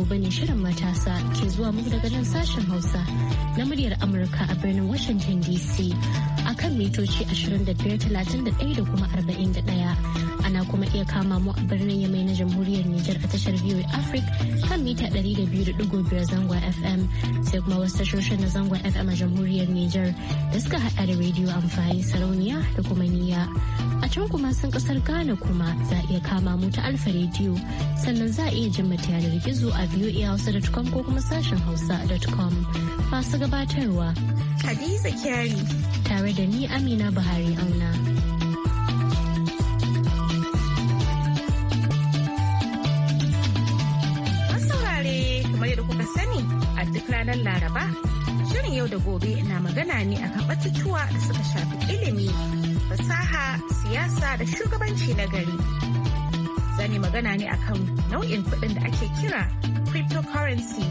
gobe ne shirin matasa ke zuwa muku daga nan sashen Hausa na muryar Amurka a birnin Washington DC a kan mitoci 25,31 da kuma 41. ana kuma iya kama mu a birnin yamai na jamhuriyar Nijar a tashar VOA Africa kan mita 200.5 zangon FM sai kuma wasu tashoshin na zangon FM a jamhuriyar Nijar da suka haɗa da rediyo amfani sarauniya da kuma niya A can kuma sun kasar Ghana kuma za a iya kama mu ta alfa rediyo sannan za a iya jin mata yanar gizo a voahausa.com ko kuma sashen hausa.com masu gabatarwa. Hadiza Kyari. Tare da ni Amina Buhari Auna. gobe na magana ne akan batutuwa da suka shafi ilimi, fasaha, siyasa da shugabanci na gari. zane magana ne akan nau'in kuɗin da ake kira cryptocurrency.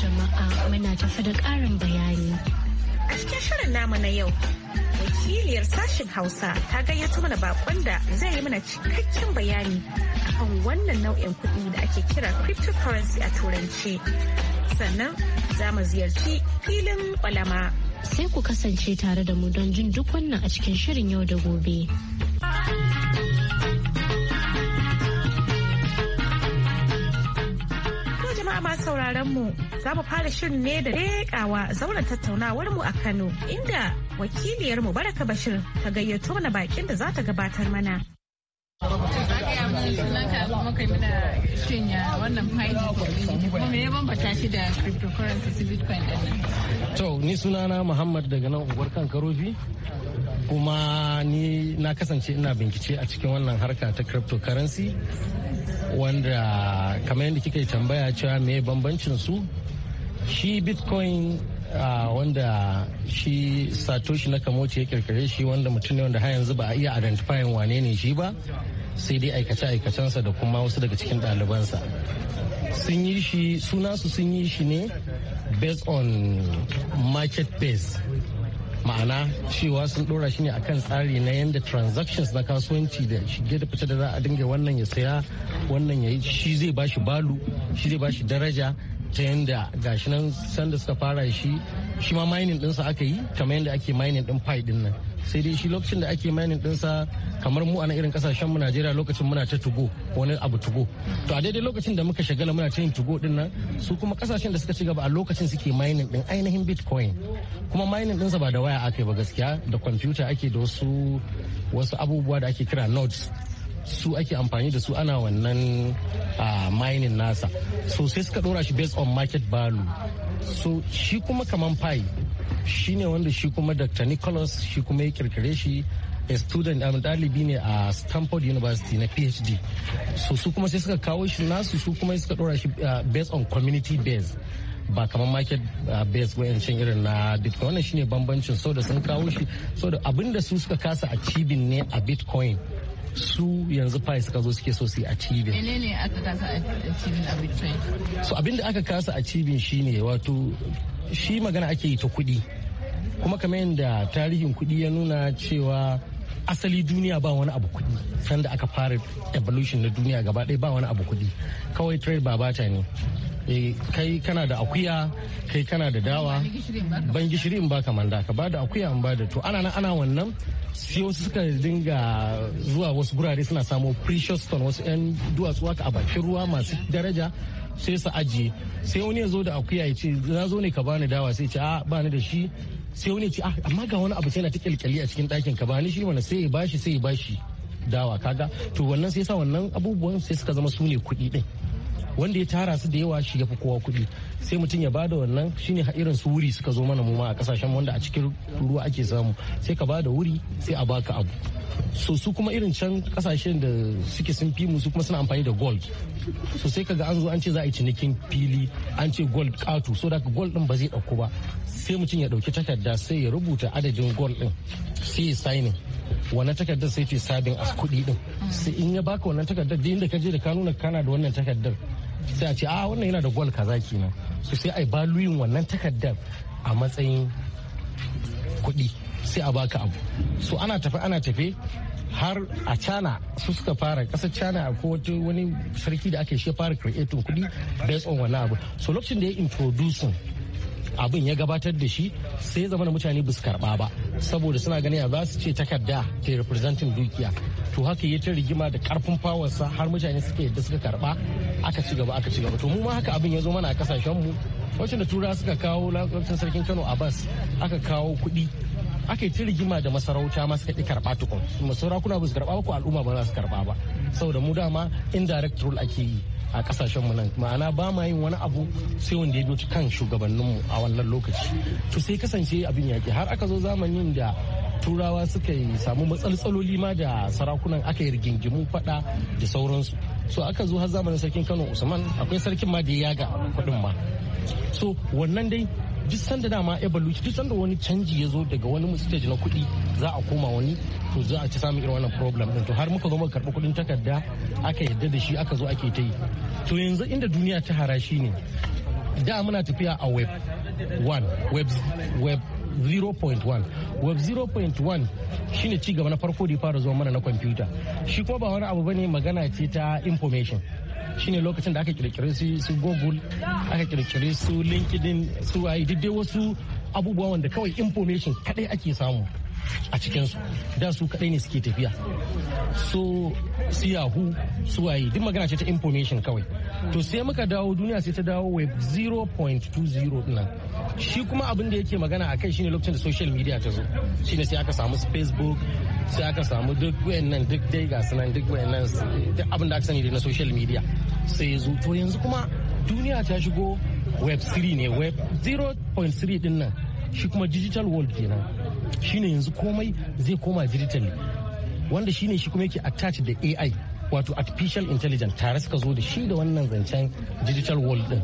jama'a muna tafi da ƙarin bayani. A cikin shirin namu na yau filiyar sashen hausa ta gayyato mana bakon da zai yi mana cikakken bayani akan wannan nau'in kuɗi da ake kira cryptocurrency a turanci sannan za mu ziyarci filin kwalama sai ku kasance tare da mu don jin duk wannan a cikin shirin yau da gobe. masu sauraron mu za mu fara shirin ne da rekawa zauren tattaunawar mu a Kano inda wakiliyar mu Baraka Bashir ta gayyato mana bakin da za ta gabatar mana. To ni sunana Muhammad daga nan unguwar kan karofi kuma ni na kasance ina bincike a cikin wannan harka ta cryptocurrency wanda kamar yadda kika yi tambaya cewa me bambancin su shi bitcoin wanda shi satoshi na kamoci ya kirkire shi wanda mutum ne wanda har yanzu ba a iya identifying wane ne shi ba sai dai aikace-aikacensa da kuma wasu daga cikin ɗalibansa sun yi shi sunansu sun yi shi ne based on market base ma'ana cewa sun dora shi ne akan tsari na yadda transactions na kasuwanci da shige da fita da za a dinga wannan ya saya wannan ya yi shi zai bashi balu shi zai bashi daraja ta yanda gashi nan sanda suka fara shi shi ma mining dinsa aka yi kamar yadda ake mining din pipe din nan sai dai shi lokacin da ake mining dinsa kamar mu a nan irin kasashen mu Najeriya lokacin muna ta tugo wani abu tugo to a daidai lokacin da muka shagala muna ta yin tugo din nan su kuma kasashen da suka ci gaba a lokacin suke mining din ainihin bitcoin kuma mining dinsa ba da waya aka yi ba gaskiya da computer ake da wasu wasu abubuwa da ake kira nodes su ake amfani da su ana wannan mining nasa so sai suka dora shi based on market value so shi kuma kaman pi shi ne wanda shi kuma dr nicholas shi kuma ya kirkire shi a student um, dalibi ne a stanford university na phd so su kuma sai suka kawo shi nasu su kuma suka dora shi uh, based on community base. ba kamar market uh, base wayancin irin na bitcoin wannan shine bambancin so da sun kawo shi so da abinda su suka kasa a cibin ne a bitcoin su yanzu fai suka zo suke so su yi achieving menene aka kasa a cibin abin so abin da aka kasa a shi shine wato shi magana ake yi ta kuɗi kuma kamar yadda tarihin kuɗi ya nuna cewa asali duniya ba wani abu kuɗi sanda aka fara evolution na duniya gaba ɗaya ba wani abu kuɗi kawai trade ba bata ne Eh, kai kana da akuya kai kana da dawa ban gishiri in baka manda ka bada akuya in bada to ana nan ana wannan sai wasu suka dinga zuwa wasu gurare suna samo precious stone wasu yan duwatsu haka a bakin ruwa masu daraja sai su ajiye sai wani ya zo da akuya ya ce na zo ne ka bani dawa sai ce a ah, bani da shi sai wani ya ce ah, amma ga wani abu sai na ta kyalkyali a cikin ɗakin ka bani shi wani sai ya bashi sai ya bashi dawa kaga to wannan sai sa wannan abubuwan sai suka zama su ne kuɗi ɗin wanda ya tara su da yawa shi ya fi kowa kuɗi sai mutum ya ba da wannan shine irin su wuri suka zo mana muma a kasashen wanda a cikin ruwa ake samu sai ka ba da wuri sai a baka abu so su kuma irin can kasashen da suke sun fi mu su kuma suna amfani da gold so sai kaga an zo an ce za a yi cinikin fili an ce gold katu so daga gold din ba zai dauko ba sai mutum ya dauki takarda sai ya rubuta adadin gold din sai ya signing wannan takardar sai ce sabin as kuɗi din sai in ya baka wannan takardar da ka je da ka nuna kana da wannan takardar sai a ce a ah, wannan yana da gwal kaza kenan so sai ai baluyin wannan takardar a matsayin kuɗi sai a baka abu so ana tafe ana tafe har a cana su suka fara kasar cana a ko wani sarki da ake shi fara creating kuɗi based on wannan abu so lokacin da ya introducing abin ya gabatar da shi sai zama da mutane ba karba ba saboda suna ganin a za su ce takarda ke representing dukiya to haka ya ta rigima da karfin fawarsa har mutane suke yadda suka karba aka ci gaba aka ci gaba to mu ma haka abin ya zo mana a kasashen mu wacce da tura suka kawo lokacin sarkin Kano Abbas aka kawo kuɗi aka yi ta rigima da masarauta ma suka ƙi karɓa tukun kuna ba su karɓa ba ko al'umma ba za su karɓa ba saboda mu dama indirect rule ake yi a kasashen mu nan ma'ana ba ma yin wani abu sai wanda ya doki kan shugabannin mu a wannan lokaci to sai kasance abin yaki har aka zo zamanin da turawa suka yi samu matsaltsaloli ma da sarakunan aka yi rigingimu fada da sauransu so aka zo har zamanin sarkin kano usman akwai sarkin ma da ya yaga kudin ma so wannan dai duk sanda dama evolution duk sanda wani canji ya zo daga wani stage na kuɗi za a koma wani to za a ci samun irin wannan problem din to har muka zo muka karɓi kuɗin takarda aka yadda da shi aka zo ake ta yi to yanzu inda duniya ta harashi ne da muna tafiya a web 1 web web 0.1 web 0.1 shine ci gaba na farko da ya fara zuwa mana na kwamfuta shi kuma ba wani abu bane magana ce ta information shine lokacin da aka kirkiri su google aka kirkiri su linkedin su ai dai wasu abubuwa wanda kawai information kadai ake samu a cikinsu da su kadai ne suke tafiya so su yahu su waye duk magana ce ta information kawai to sai muka dawo duniya sai ta dawo web 0.20 nan shi kuma abin da yake magana a kai shine lokacin da social media ta zo shine sai aka samu facebook sai aka samu duk wayannan duk dai ga nan duk wayannan duk abin da aka sani da na social media sai to yanzu kuma duniya ta shigo web 3 ne web 0.3 din nan shi kuma digital world kenan shine yanzu komai zai koma digital wanda shine shi kuma yake attached da AI wato artificial intelligence tare suka zo da shi da wannan zancen digital world din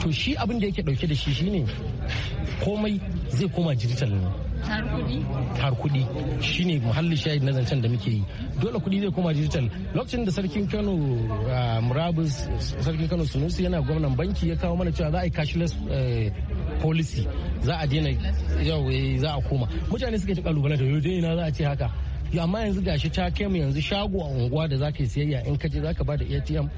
to shi abin da yake dauke da shi shine komai zai koma digital ne har kudi shine muhalli shahid na zancen da muke yi dole kudi zai koma digital lokacin da sarkin kano ah, murabus sarkin kano sunusi yana gwamnan banki ya kawo mana cewa za a yi cashless eh, policy za a daina yau eh, za a koma mutane suka ci kalubale da yau za a ce haka amma yanzu gashi ta kai mu yanzu shago a unguwa da zaka yi siyayya in ka je zaka ba da ATM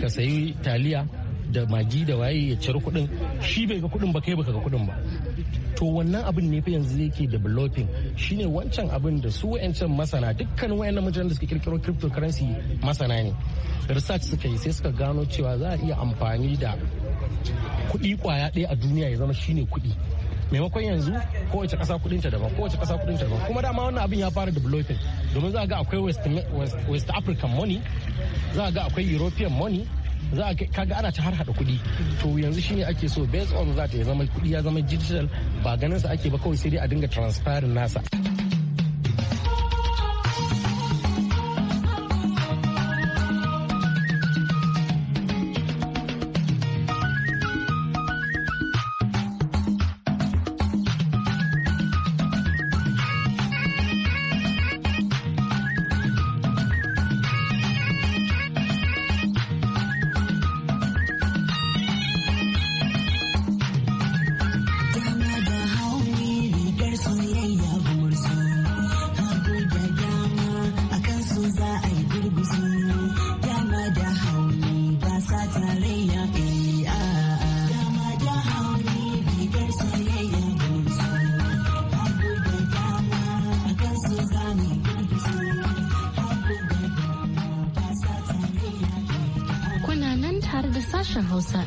ka sayi taliya da magi da waye ya ciri kudin shi bai ga kudin ba kai baka ga kudin ba to wannan abin ne fa yanzu yake developing shine wancan abin da su wayancan masana dukkan wayannan mutanen da suka kirkiro cryptocurrency masana ne research suka yi sai suka gano cewa za a iya amfani da kuɗi kwaya ɗaya a duniya ya zama shine kuɗi maimakon yanzu kowace ƙasa ta daban kowace ƙasa ta daban kuma dama wannan abin ya fara developing domin za ga akwai west african money za ga akwai european money za a kaga ana ta har hada kuɗi to yanzu shine ake so based on za ta zama kuɗi ya zama digital ba ganin sa ake ba kawai sai dai a dinga transferring nasa.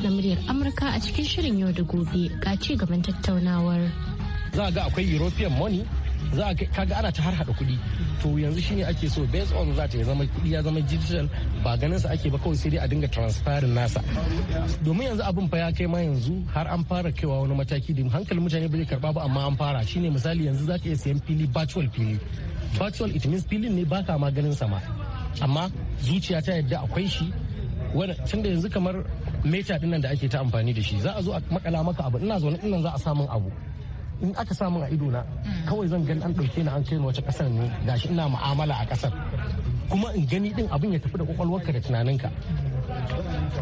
da muryar Amurka a cikin shirin yau da gobe ga ci gaban tattaunawar. Za ga akwai European money za a ga ana ta har hada kuɗi to yanzu shine ake so based on za ta zama kuɗi ya zama digital ba ganin sa ake ba kawai sai dai a dinga transferin nasa domin yanzu abin fa ya kai ma yanzu har an fara kaiwa wani mataki da hankalin mutane bai karba ba amma an fara shine misali yanzu za ka iya siyan fili virtual fili virtual it means filin ne baka ma ganin sa ma amma zuciya ta yadda akwai shi tunda yanzu kamar meta din nan da ake ta amfani da shi za a zo a makala maka abu ina zaune nan za a samun abu in aka samu a ido na mm. kawai zan gani an ɗauke ni an kai ni wace ƙasar ne gashi ina mu'amala a kasar kuma in gani din abin ya tafi da kwakwalwarka da tunaninka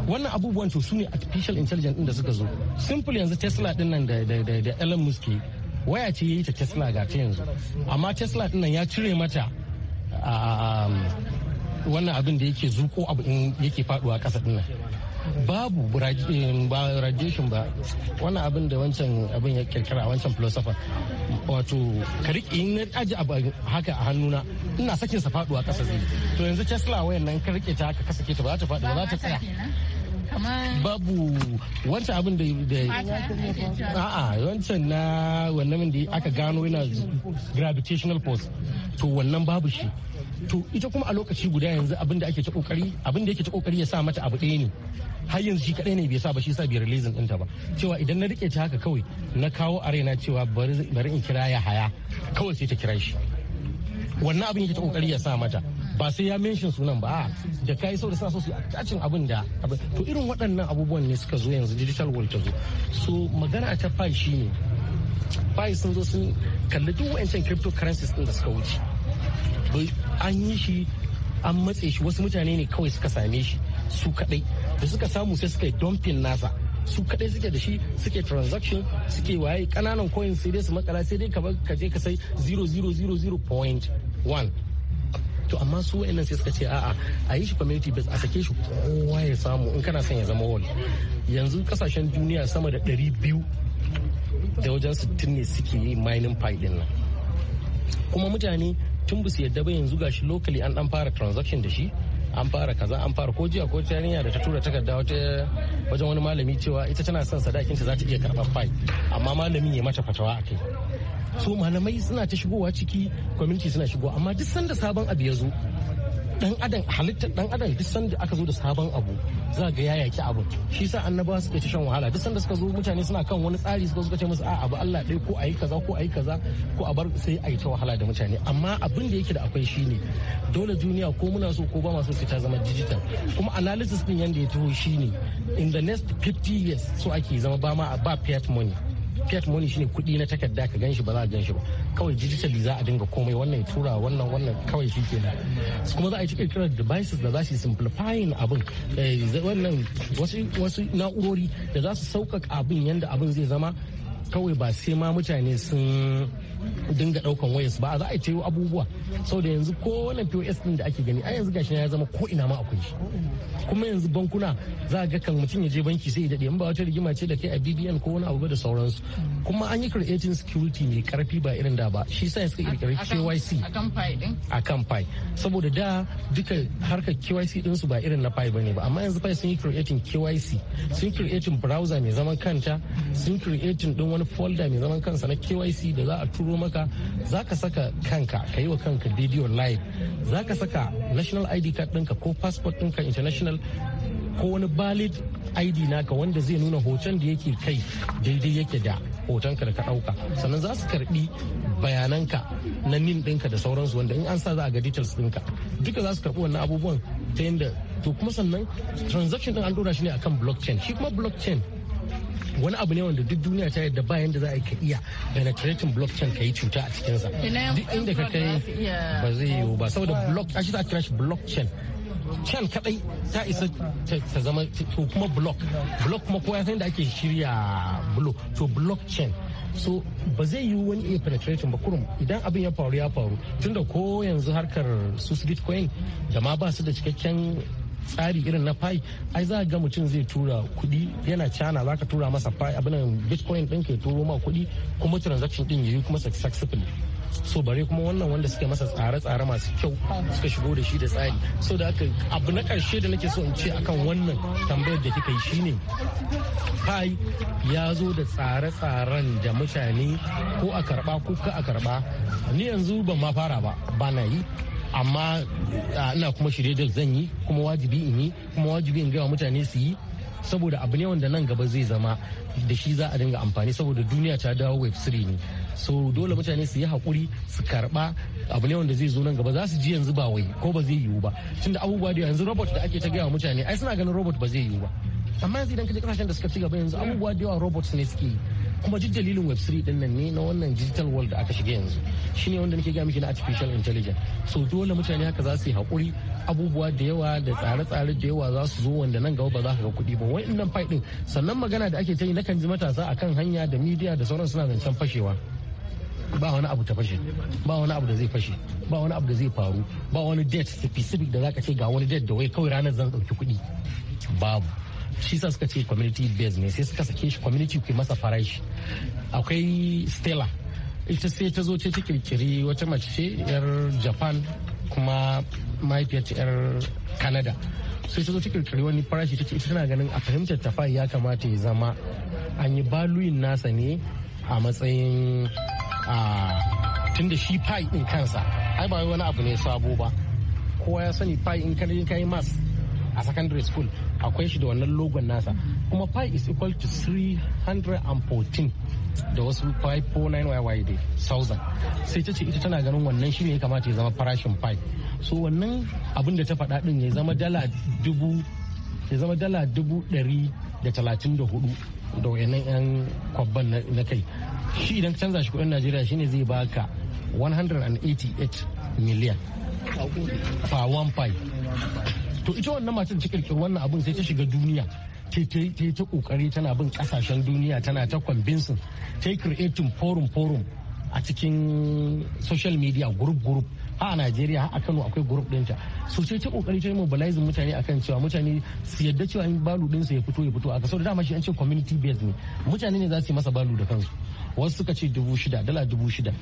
wannan abubuwan to sune ne artificial intelligence din da suka zo simple yanzu tesla din nan da da elon musk waya ce yayi ta tesla ga ta yanzu amma tesla din nan ya cire mata ah, ah, ah, wannan abin da yake zuko abu in yake faduwa kasa din nan babu mm, radiation ba wannan abin da wancan abin ya kirkira wancan philosopher wato ka riƙe in aji abu haka a hannuna ina sakin sa faduwa ƙasa zai to yanzu tesla wayan nan ka riƙe ta haka kasa ke ta ba za ta faɗi ba za ta tsaya babu wancan abin da a'a wancan na wannan da aka gano yana gravitational force to wannan babu shi to ita kuma a lokaci guda yanzu abin da ake ta kokari abin da yake ta kokari ya sa mata abu ɗaya ne har yanzu shi kadai ne bai sa ba shi sa bai releasing ɗinta ba cewa idan na rike ta haka kawai na kawo a raina cewa bari in kira ya haya kawai sai ta kira shi wannan abin yake ta kokari ya sa mata ba sai ya mention sunan ba ah, da kai sau da sa su attachin abin da to irin waɗannan abubuwan ne suka zo yanzu digital world ta zo so magana ta fai shi ne fai sun zo sun kalli duk wayancan cryptocurrencies din da suka wuce an yi shi an matse shi wasu mutane ne kawai suka same shi su kadai da suka samu sai suka yi dumping nasa su kadai suke da shi suke transaction suke waye kananan coin sai dai su makala sai dai ka je ka sai 0000.1 to amma su wa'annan sai suka ce a'a a yi shi community based a sake shi kowa ya samu in kana son ya zama hall yanzu kasashen duniya sama da 200 da wajen 60 ne suke yi mining pipe din nan kuma mutane tun ba su yadda ba yanzu gashi locally an dan fara transaction da shi an fara kaza an fara ko jiya ko yarinya da ta tura takarda wata wajen wani malami cewa ita tana son sadakinta za ta iya karɓar fai amma malamin ya mata fatawa a kai so malamai suna ta shigowa ciki community suna shigowa amma duk sanda sabon abu ya zo dan adam halittar dan adam duk sanda aka zo da sabon abu za ga ya yaki abu shi sa annaba suke ta shan wahala duk sanda suka zo mutane suna kan wani tsari suka suka ce musu a abu Allah ɗaya ko ayi kaza ko ayi kaza ko a bar sai ayi ta wahala da mutane amma abin da yake da akwai shine dole duniya ko muna so ko ba ma so ta zama digital kuma analysis din yanda ya taho shine in the next 50 years so ake zama ba ma ba fiat money fiat money shine kuɗi na takarda ka ganshi ba za a ganshi ba kawai digital za a dinga komai wannan tura wannan wannan kawai shi ke kenan kuma za a yi kira devices da za su simplifying abin eh, wannan wasu na'urori da za su sauƙaƙa abin yadda abin zai zama kawai ba sai ma mutane sun dinga daukan wayas ba za a ce abubuwa da yanzu ko wannan POS din da ake gani a yanzu gashi ya zama ko ina ma akwai shi kuma yanzu bankuna za ga kan mutum ya je banki sai ya dade in ba wata rigima ce da kai a BBN ko wani abu da sauransu kuma an yi creating security mai karfi ba irin da ba shi yasa suka kirkiri KYC a kan PI saboda da duka harkar KYC din su ba irin na PI bane ba amma yanzu PI sun yi creating KYC sun creating browser mai zaman kanta sun creating din wani folder mai zaman kansa na KYC da za a turo turo maka za ka saka kanka ka yi wa kanka bidiyo live za ka saka national id card ɗinka ko passport ɗinka international ko wani valid id naka wanda zai nuna hoton da yake kai daidai yake da hotonka da ka ɗauka sannan za su karbi bayananka na nin ɗinka da sauransu wanda in an sa za a ga details ɗinka duka za su karbi wannan abubuwan ta yadda to kuma sannan transaction ɗin an ɗora shi ne akan blockchain shi kuma blockchain wani abu ne wanda duk duniya ta yadda bayan da za a iya penetrating blockchain ka yi cuta a cikinsa duk inda ka kai ba zai yiwu ba saboda block za a kira shi blockchain can kadai ta isa ta zama to kuma block block kuma kowa san da ake shirya block to blockchain so ba zai yi wani iya penetration ba kurum idan abin ya faru ya faru tunda ko yanzu harkar su bitcoin da ma ba su da cikakken tsari irin na fai ai za ga mutum zai tura kuɗi yana cana za ka tura masa pi abin bitcoin ɗin ka turo ma kuɗi kuma transaction din yayi kuma successful so bare kuma wannan wanda suke masa tsare-tsare masu kyau suka shigo da shi da tsari so da aka abu na karshe da nake so in ce akan wannan tambayar da kika yi shine fai ya zo da tsare-tsaren da mutane ko a karba ko ka a karba ni yanzu ban ma fara ba ba na yi amma ina kuma shirye da zan yi kuma wajibi in yi kuma wajibi in gaya mutane su yi saboda abu ne wanda nan gaba zai zama da shi za a dinga amfani saboda duniya ta dawo web 3 ne so dole mutane su yi hakuri su karba abu ne wanda zai zo nan gaba za su ji yanzu ba wai ko ba zai yiwu ba tunda abubuwa da yanzu robot da ake ta gaya mutane ai suna ganin robot ba zai yiwu ba amma yanzu idan kaje kasashen da suka ci gaba yanzu abubuwa da yawa robots ne suke yi kuma duk dalilin web 3 din nan ne na wannan digital world da aka shiga yanzu shine wanda nake ga miki na artificial intelligence so dole mutane haka za su yi hakuri abubuwa da yawa da tsare-tsare da yawa za su zo wanda nan gaba ba za ka ga kuɗi ba nan fight din sannan magana da ake ta yi nakan ji matasa akan hanya da media da sauran suna zancen fashewa ba wani abu ta fashe ba wani abu da zai fashe ba wani abu da zai faru ba wani date specific da zaka ce ga wani date da wai kawai ranar zan ɗauki kuɗi babu shi sa suka ce community based ne sai suka sake shi community kai masa farashi akwai stella ita sai ta zo ce ta kirkiri wata mace ce yar japan kuma mahaifiyar yar canada sai ta zo ta kirkiri wani farashi ta ce ita tana ganin a fahimtar ta ya kamata ya zama an yi baluyin nasa ne a matsayin tun da shi pi din kansa ai ba wani abu ne sabo ba kowa ya sani pi in kan yi mas a secondary school akwai shi da wannan logon nasa kuma pi is equal to 314 da wasu pi 499 da 1000 sai ta ce ita tana ganin wannan shi ne ya kamata ya zama farashin pi so wannan abin da ta faɗa din ya zama dala dubu ya zama dala dubu ɗari da talatin da hudu da wayannan yan kwabban na kai shi idan ka canza shi kudin najeriya shine zai baka 188 miliyan fa one pi to ita wannan matan ta kirkiri wannan abun sai ta shiga duniya ta yi ta kokari tana bin kasashen duniya tana ta convincing ta yi creating forum forum a cikin social media group group a nigeria ha a Kano akwai group dinta so sai ta kokari ta yi mobilizing mutane akan cewa mutane su yadda cewa in balu su ya fito ya fito aka da dama shi an ce community based ne mutane ne za su yi masa balu da kansu wasu suka ce dubu shida dala dubu shida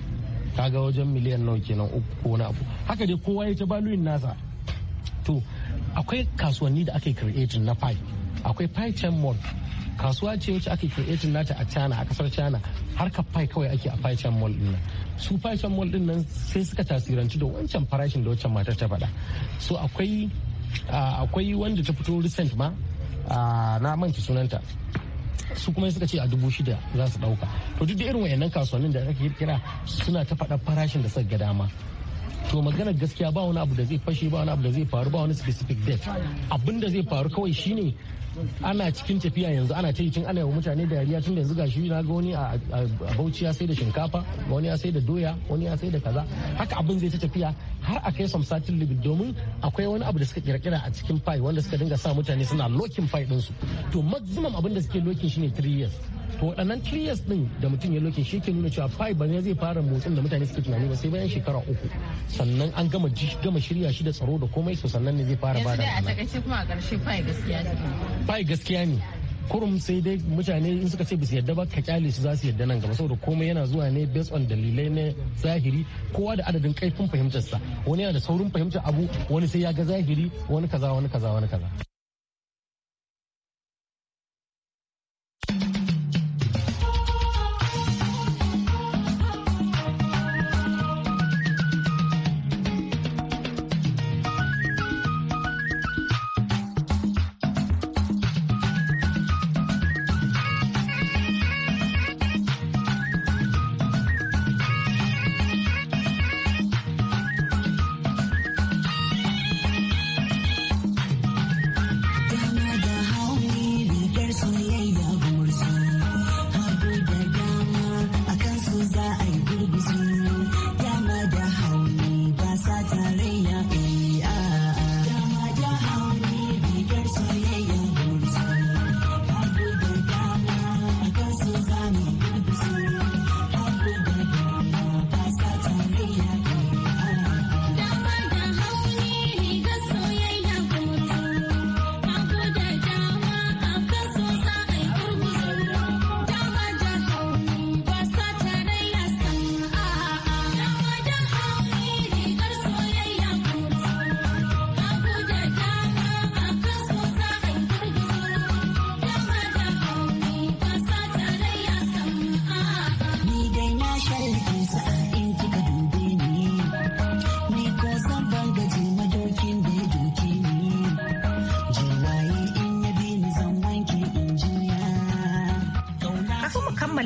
kaga wajen miliyan nawa kenan uku ko na abu haka dai kowa ya ta baluyin nasa to akwai kasuwanni da ake creating na pie akwai pie chain mall kasuwa ce wacce ake creating nata a china a kasar china har ka pie kawai ake a pie chain mall din nan su pie chain mall din nan sai suka tasiranci da wancan farashin da wancan matar ta faɗa so akwai wanda ta fito recent ma na manta sunanta su kuma suka ce a dubu shida za su dauka to duk da irin wayannan kasuwannin da ake kira suna ta faɗa farashin da suka ga dama to magana gaskiya ba wani abu da zai fashe ba wani abu da zai faru ba wani specific date abin da zai faru kawai shine ana cikin tafiya yanzu ana ta tun ana yi mutane dariya tun da yanzu gashi na ga wani a bauchi ya sai da shinkafa wani ya sai da doya wani ya sai da kaza haka abin zai ta tafiya har a kai samsatin domin akwai wani abu da suka kirkira a cikin fai wanda suka dinga sa mutane suna lokin fai su to maximum abin da suke lokin shine 3 years to waɗannan tiriyas din da mutum ya loke shi ke nuna cewa fai ba ne zai fara motsin da mutane suke tunani ba sai bayan shekara uku sannan an gama gama shirya shi da tsaro da komai so sannan ne zai fara bada yanzu dai a takaice kuma a ƙarshe fai gaskiya ne fai gaskiya ne kurum sai dai mutane in suka ce bisa yadda ba ka kyale su za su yadda nan gaba saboda komai yana zuwa ne based on dalilai na zahiri kowa da adadin kaifin fahimtarsa wani yana da saurin fahimtar abu wani sai ya ga zahiri wani kaza wani kaza wani kaza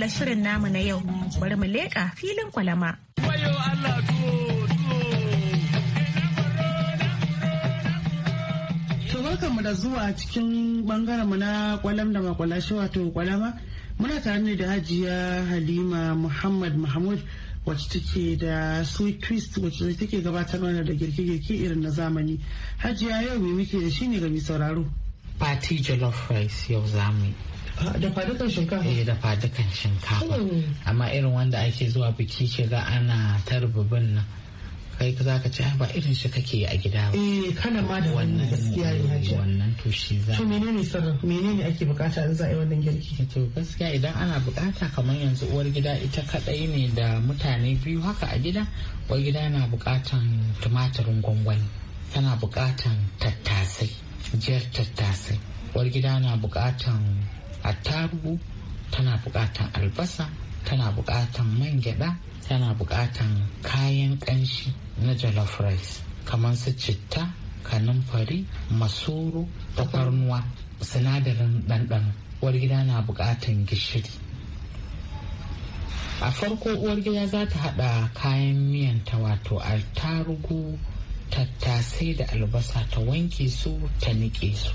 kammala shirin namu na yau bari mu leƙa filin kwalama. mu da zuwa cikin bangaren mu na kwalam da makwalashi wato kwalama muna tare ne da hajiya halima muhammad mahmud wacce take da sweet twist wacce take gabatar mana da girke-girke irin na zamani hajiya yau mai muke da shi ne ga sauraro party jollof rice yau zamani. da fadukan shinkafa eh da fadukan shinkafa hmm. amma irin wanda ake zuwa biki shiga ana tarbabin nan kai za ka ci ba irin shi kake a gida ba. Eh kana ma da wannan gaskiya ne eh, haji. Wannan to shi za. To menene sarrafa? menene ake bukata in za a yi wannan girki? Eh, to gaskiya idan ana bukata kamar yanzu uwar gida ita kadai ne da mutane biyu haka a gida uwar gida na bukatan tumatirin gwangwani tana bukatan tattasai jiyar tattasai uwar gida na bukatan attarugu tana buƙatan albasa tana buƙatan man gyaɗa tana buƙatan kayan ƙanshi na jollof rice kamar su citta kanumfari masoro da tafarnuwa sinadarin ɗanɗano uwar gida na buƙatan gishiri a farko uwar gida za ta haɗa kayan miyanta wato altarugu tattasai da albasa ta wanke su ta niƙe su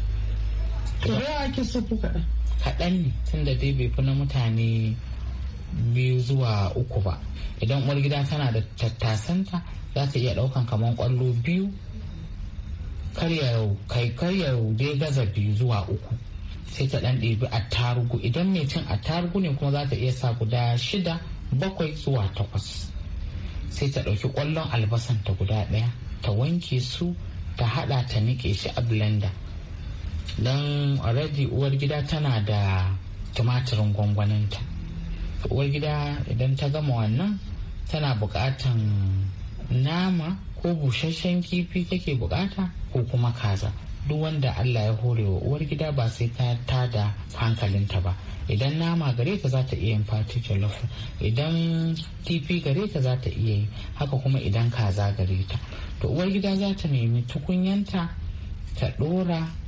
to ake so kaɗan kaɗan ne tunda dai bai fi na mutane biyu zuwa uku ba idan uwar gida tana da tattasanta za ta iya ɗaukan kamar ƙwallo biyu kai karyar dai gaza biyu zuwa uku sai ta ɗan ɗebi attarugu idan mai cin attarugu ne kuma za ta iya sa guda shida bakwai zuwa takwas sai ta ɗauki ƙwallon albasan ta guda ɗaya ta wanke su ta haɗa ta niƙe shi a blender don already uwar gida tana da tumatirin gwangwaninta uwar gida idan ta gama wannan tana bukatan nama ko busasshen kifi take bukata ko kuma kaza duk wanda Allah ya horewa wa uwar gida ba sai ta tada hankalinta ba idan nama gare ta za ta iya yin fati jollof idan kifi gare ta za ta iya yi haka kuma idan kaza gare ta to uwar gida za ta nemi tukunyanta ta dora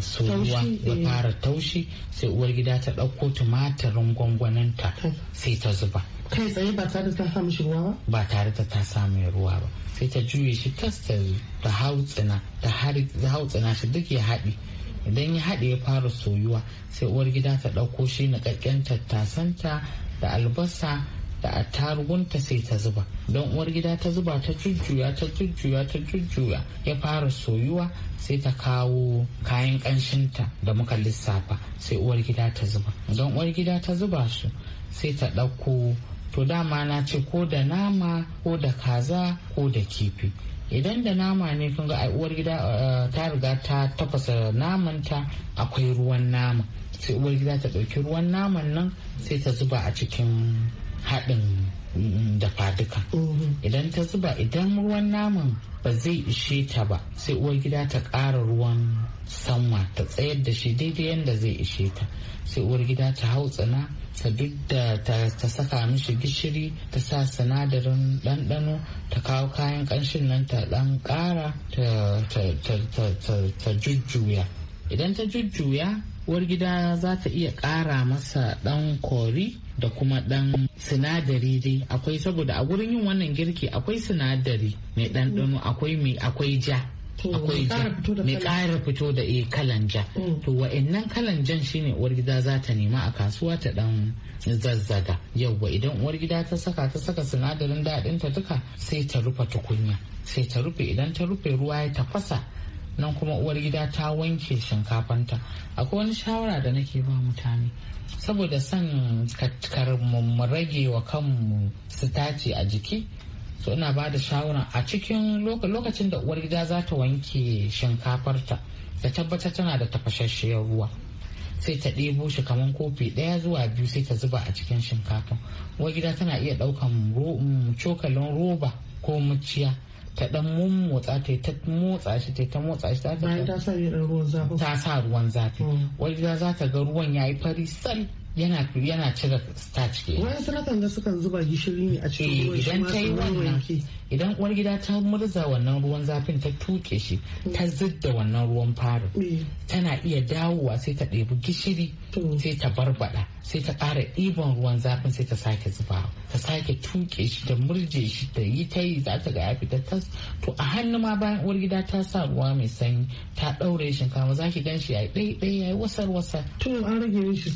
so ruwa ya eh. fara taushi sai uwar gida ta ɗauko tumatirin gwangwaninta sai ta zuba kai tsaye ba tare ta samu shi ruwa ba ba tare da ta samu ruwa ba sai ta juye shi tas ta hautsina ta hautsina shi duk ya haɗi idan ya haɗe ya fara soyuwa sai uwar gida ta ɗauko shi na ƙaƙƙen tattasanta da albasa da a tarugunta sai ta zuba don uwar gida ta zuba ta jujjuya ta jujjuya ta jujjuya ya fara soyuwa sai ta kawo kayan kanshinta da muka lissafa sai uwar gida ta zuba don uwar gida ta zuba su sai ta ɗauko to dama na ce ko da nama ko da kaza ko da kifi idan da nama ne kun ga uwar gida eh, ta riga ta tafasa namanta akwai ruwan nama sai uwar gida ta ɗauki ruwan naman nan sai ta zuba a cikin haɗin mm, dafa duka mm-hmm. idan ta zuba idan ruwan naman ba zai ishe ta ba sai uwar gida ta ƙara ruwan sanwa ta tsayar da shi daidai yadda zai ishe ta sai uwar gida ta hau tsana ta duk da ta saka mishi gishiri ta sa sinadarin ɗanɗano ta kawo kayan ƙanshin nan ta ɗan ƙara ta jujjuya idan ta jujjuya uwar gida za ta iya ƙara masa ɗan kori da kuma ɗan sinadari dai akwai saboda a gurin yin wannan girki akwai sinadari mai ɗanɗano akwai mai akwai ja akwai mai ƙara fito da e kalan ja mm. to wa'annan kalan jan shine uwar gida za ta nema a kasuwa ta ɗan zazzaga yauwa idan uwar gida ta saka ta saka sinadarin daɗin ta duka sai ta rufe tukunya sai ta rufe idan ta rufe ruwa ya tafasa nan kuma uwar gida ta wanke shinkafanta akwai wani shawara da nake ba mutane saboda son katkar mu rage wa kanmu sitaci a jiki so ina ba da shawara a cikin lokacin da uwar gida za ta wanke shinkafarta ta tabbatar tana da tafashasshiyar ruwa sai ta ɗebo shi kamar kofi ɗaya zuwa biyu sai ta zuba a cikin shinkafa uwar gida tana iya ɗaukan mm, cokalin roba ko muciya ta dan motsa ta ta motsa shi ta ta motsa shi ta ta sa ruwan zafi ta sa ruwan zafi hmm. wanda za ta ga ruwan yayi fari sal yana yana cire starch ke wani sanatan da sukan zuba gishiri ne a cikin eh, ruwan shi ta yi wannan idan uwar gida ta murza wannan ruwan zafin ta tuke shi ta zidda wannan ruwan faru mm. tana iya dawowa sai ta ɗebi gishiri sai ta barbada sai ta ƙara ɗiban ruwan zafin sai ta sake zuba ta sake tuke shi ta murje shi ta yi ta yi za ta ga ya fita tas to a hannu ma bayan uwar gida ta sa ruwa mai sanyi ta ɗaure shinkafa za ki gan shi ya yi ɗaiɗai ya yi wasar wasa to an rage shi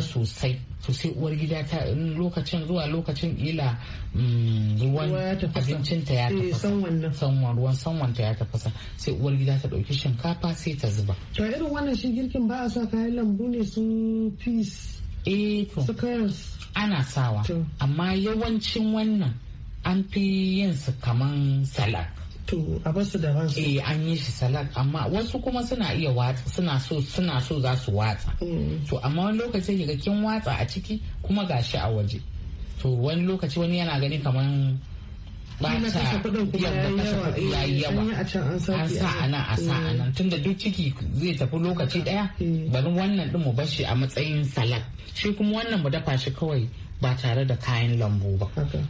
sosai to sai uwar gida ta lokacin zuwa lokacin ila mm, ruwan abincinta ya eh, tafasa ruwan sanwanta ya tafasa sai uwar gida ta dauki shinkafa sai ta zuba to irin wannan shi girkin ba a sa kayan lambu ne su peas eh ana sawa amma yawancin wannan an fi yin su kaman salak. to a basu da ransu eh an yi shi salad amma wasu kuma suna iya watsa suna so suna so za su watsa mm. to amma wani lokaci ga kin watsa a ciki kuma gashi a waje to wani lokaci wani yana gani kamar bata ya yi yawa an sa a nan a sa a nan mm. tunda duk ciki zai tafi lokaci daya mm. bari wannan din mu bashi a matsayin salak. shi kuma wannan mu dafa shi kawai ba tare da kayan lambu ba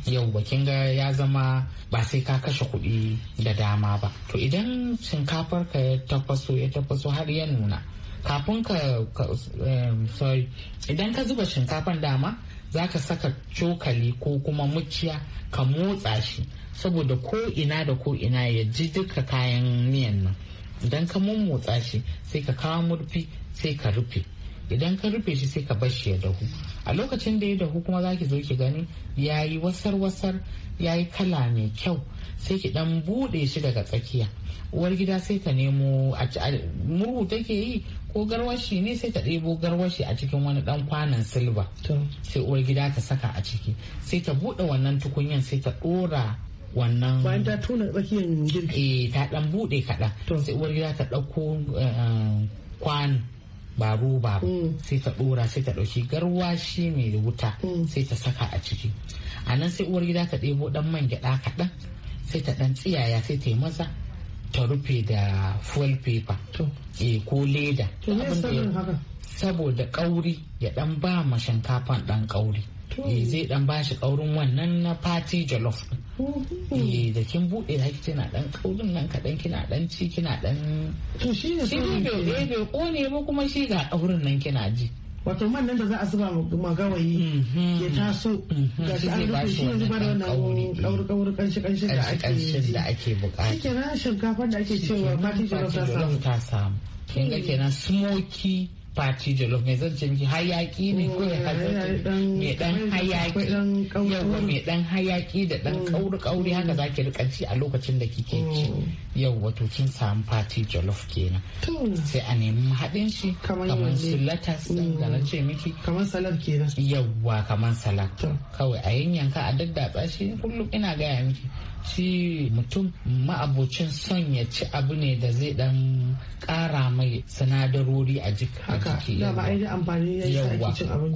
yau ba kin ga ya zama ba sai ka kashe kuɗi da dama ba to idan shinkafar ka ya tafaso ya tafaso har ya nuna kafin ka sorry idan ka zuba shinkafan dama za ka saka cokali ko kuma muciya ka motsa shi saboda ko ina da ko ina ya ji duka kayan miyan nan idan ka mummotsa shi sai ka kawo murfi sai ka rufe idan ka rufe shi sai ka bar shi ya dahu a lokacin da ya dahu kuma za ki zo ki gani ya yi wasar wasar ya yi kala mai kyau sai ki dan bude shi daga tsakiya uwar gida sai ta nemo murhu take yi ko garwashi ne sai ta ɗebo garwashi a cikin wani ɗan kwanan silba sai uwar gida ta saka a ciki sai ta buɗe wannan tukunyan sai ta ɗora wannan bayan ta tona tsakiyar girki eh ta ɗan buɗe kaɗan sai uwar gida ta ɗauko eh, eh, kwano ba roba mm. sai ta dora sai ta dauki garwashi mai wuta mm. sai ta saka a ciki a nan sai uwar gida ta ɗebo ɗan man gyaɗa kaɗan sai ta ɗan tsiyaya sai ta yi masa ta rufe da fuel paper e ko leda saboda kauri ya ɗan ba ma shinkafan ɗan kauri Eh, zai dan bashi kaurin wannan na party jollof eh da kin bude da kike na dan kaurin nan dan kina dan ci kina dan to shi ne shi bai bai kone mu kuma shi ga kaurin nan kina ji wato man nan da za a zuba magawayi mhm. ya taso mhm. ga shi an rufe shi zuba da wannan kan kauri kanshi kanshi da ake da ake bukata Kike kenan shinkafa da ake cewa party jollof ta samu kin ga kenan smoky fati da mai zan canji hayaki ne oh, ko ya mai dan hayaki yawa mai dan hayaki da dan mm. kauri kauri haka zaki rika ci a lokacin da kike oh. ci yau wato kin samu fati jollof kenan sai a nemi haɗin shi kamar su latas din da na mm. ce miki kamar salad kenan yawa kamar salad kawai a yanyanka a daddatsa shi kullum ina gaya miki ci mutum ma'abocin son ya ci abu ne da zai dan kara mai sinadarori a jiki haka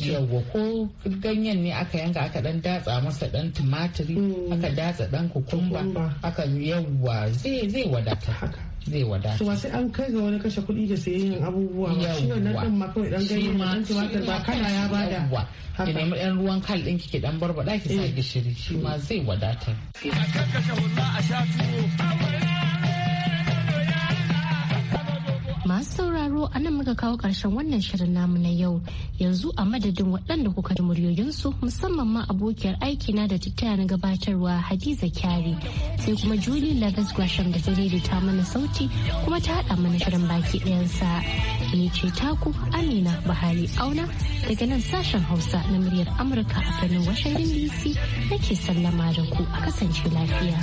yawwa ko ganyen ne aka yanka aka dan datsa masa dan tumatiri mm. aka datsa dan kukumba aka yawwa zai zai wadata haka zai wadata Su sai an kai ga wani kashe kuɗi da sayayyan abubuwa ba shi wannan din ma kawai dan ganye ma tumatir ba kana ya bada ki nemi ɗan ruwan kal ɗin kike dan barbada ki sa eh. gishiri shi ma zai wadata a a sha tuwo Masu sauraro a nan muka kawo ƙarshen wannan shirin namu na yau yanzu a madadin waɗanda kuka ji muryoyinsu musamman ma abokiyar aikina da tattaya na gabatarwa Hadiza Kyari sai kuma Julie Lagos Gresham da ta mana sauti kuma ta haɗa mana shirin baki ɗayansa. Ni ce taku Amina Buhari Auna daga nan sashen Hausa na muryar Amurka a birnin Washington DC nake sallama da ku a kasance lafiya.